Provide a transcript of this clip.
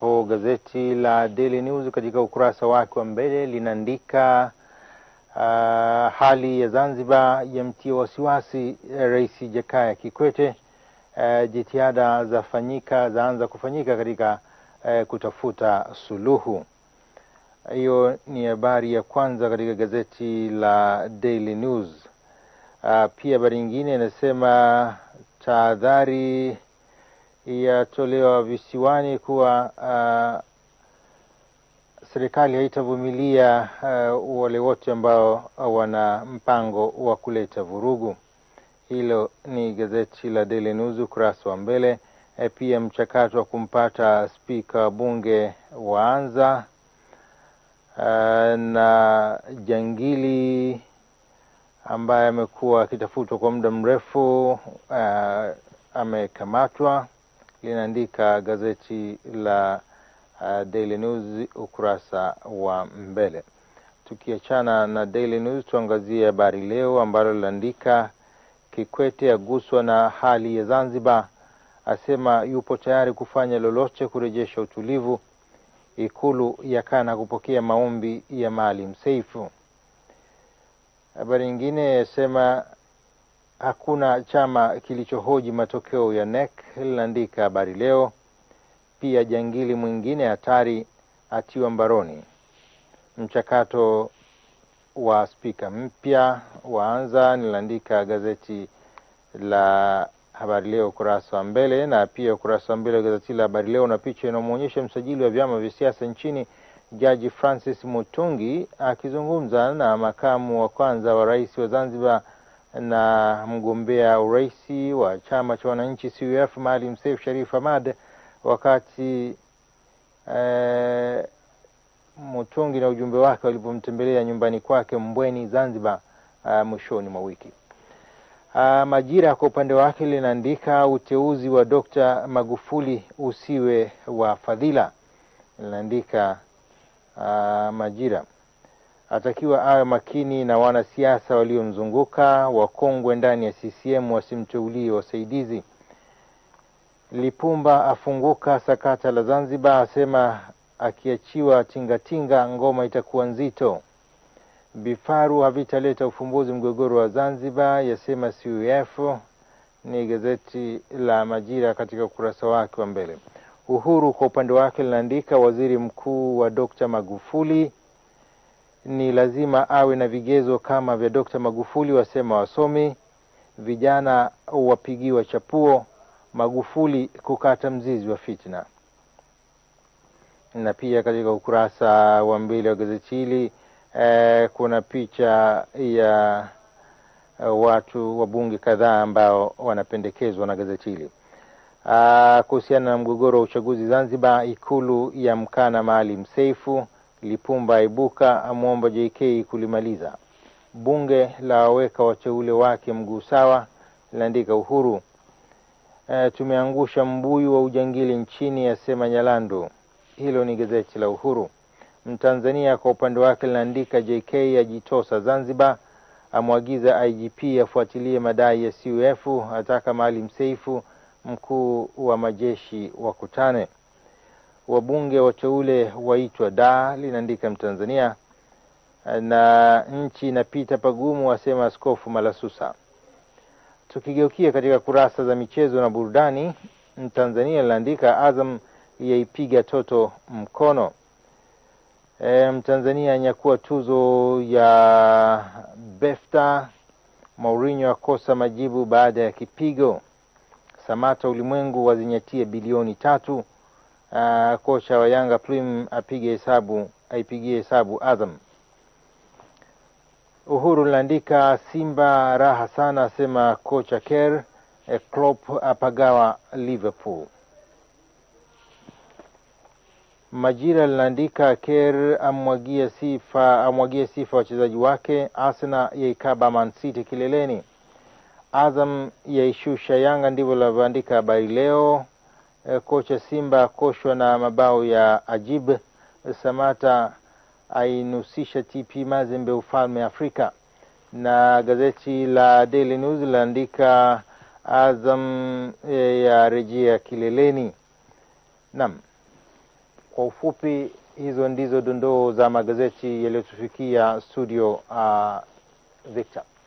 O gazeti la Daily News katika ukurasa wake wa mbele linaandika uh, hali ya Zanzibar yamtia wasiwasi eh, Rais Jakaya Kikwete. Uh, jitihada zafanyika zaanza kufanyika katika uh, kutafuta suluhu. Hiyo ni habari ya kwanza katika gazeti la Daily News. Uh, pia habari nyingine inasema tahadhari yatolewa visiwani kuwa uh, serikali haitavumilia uh, wale wote ambao wana mpango wa kuleta vurugu. Hilo ni gazeti la Daily News ukurasa wa mbele. E, pia mchakato wa kumpata spika wa bunge waanza. Uh, na jangili ambaye amekuwa akitafutwa kwa muda mrefu uh, amekamatwa linaandika gazeti la uh, Daily News ukurasa wa mbele. Tukiachana na Daily News, tuangazie Habari Leo ambalo linaandika Kikwete aguswa na hali ya Zanzibar, asema yupo tayari kufanya lolote kurejesha utulivu. Ikulu yakana kupokea maombi ya Maalim Seifu. Habari nyingine yasema Hakuna chama kilichohoji matokeo ya NEC, linaandika Habari Leo. Pia jangili mwingine hatari atiwa mbaroni. Mchakato wa spika mpya waanza, niliandika gazeti la Habari Leo ukurasa wa mbele. Na pia ukurasa wa mbele wa gazeti la Habari Leo na picha inayomwonyesha msajili wa vyama vya siasa nchini Jaji Francis Mutungi akizungumza na makamu wa kwanza wa rais wa Zanzibar na mgombea urais wa chama cha wananchi CUF Maalim Seif Sharif Hamad wakati e, Mutungi na ujumbe wake walipomtembelea nyumbani kwake Mbweni, Zanzibar eh, mwishoni mwa wiki. Ah, Majira kwa upande wake linaandika uteuzi wa Dr. Magufuli usiwe wa fadhila, linaandika ah, Majira atakiwa awe makini na wanasiasa waliomzunguka wakongwe ndani ya CCM wasimteulie wasaidizi. Lipumba afunguka sakata la Zanzibar, asema akiachiwa tingatinga ngoma itakuwa nzito. Vifaru havitaleta ufumbuzi mgogoro wa Zanzibar, yasema CUF. Ni gazeti la Majira katika ukurasa wake wa mbele. Uhuru kwa upande wake linaandika waziri mkuu wa Dkt Magufuli ni lazima awe na vigezo kama vya Dkt. Magufuli, wasema wasomi, vijana wapigiwa chapuo, Magufuli kukata mzizi wa fitna. Na pia katika ukurasa wa mbili wa gazeti hili eh, kuna picha ya eh, watu wabunge kadhaa ambao wanapendekezwa na gazeti hili ah, kuhusiana na mgogoro wa uchaguzi Zanzibar. Ikulu ya mkana Maalim Seifu Lipumba aibuka amwomba JK kulimaliza. Bunge la waweka wateule wake mguu sawa, laandika Uhuru. E, tumeangusha mbuyu wa ujangili nchini, yasema Nyalandu. Hilo ni gazeti la Uhuru. Mtanzania kwa upande wake linaandika JK ajitosa Zanzibar, amwagiza IGP afuatilie madai ya CUF, ataka Maalim Seifu mkuu wa majeshi wakutane wabunge wateule waitwa da, linaandika Mtanzania, na nchi inapita pagumu, asema Askofu Malasusa. Tukigeukia katika kurasa za michezo na burudani, Mtanzania linaandika Azam yaipiga Toto mkono. E, Mtanzania anyakua tuzo ya BEFTA. maurinyo akosa majibu baada ya kipigo. Samata ulimwengu wazinyatie bilioni tatu uh, kocha wa Yanga prim apige hesabu aipigie hesabu Azam. Uhuru linaandika Simba raha sana, asema kocha Kerr. Eh, Klopp apagawa Liverpool. Majira linaandika ker amwagia sifa, amwagie sifa wachezaji wake. asna yaikaba Man City kileleni. Azam yaishusha Yanga, ndivyo linavyoandika Habari Leo. Eh, kocha Simba koshwa na mabao ya Ajib. Samata ainusisha TP Mazembe ufalme Afrika. Na gazeti la Daily News laandika Azam eh, ya rejea kileleni. nam kwa ufupi hizo ndizo dondoo za magazeti yaliyotufikia studio. Uh, Victor.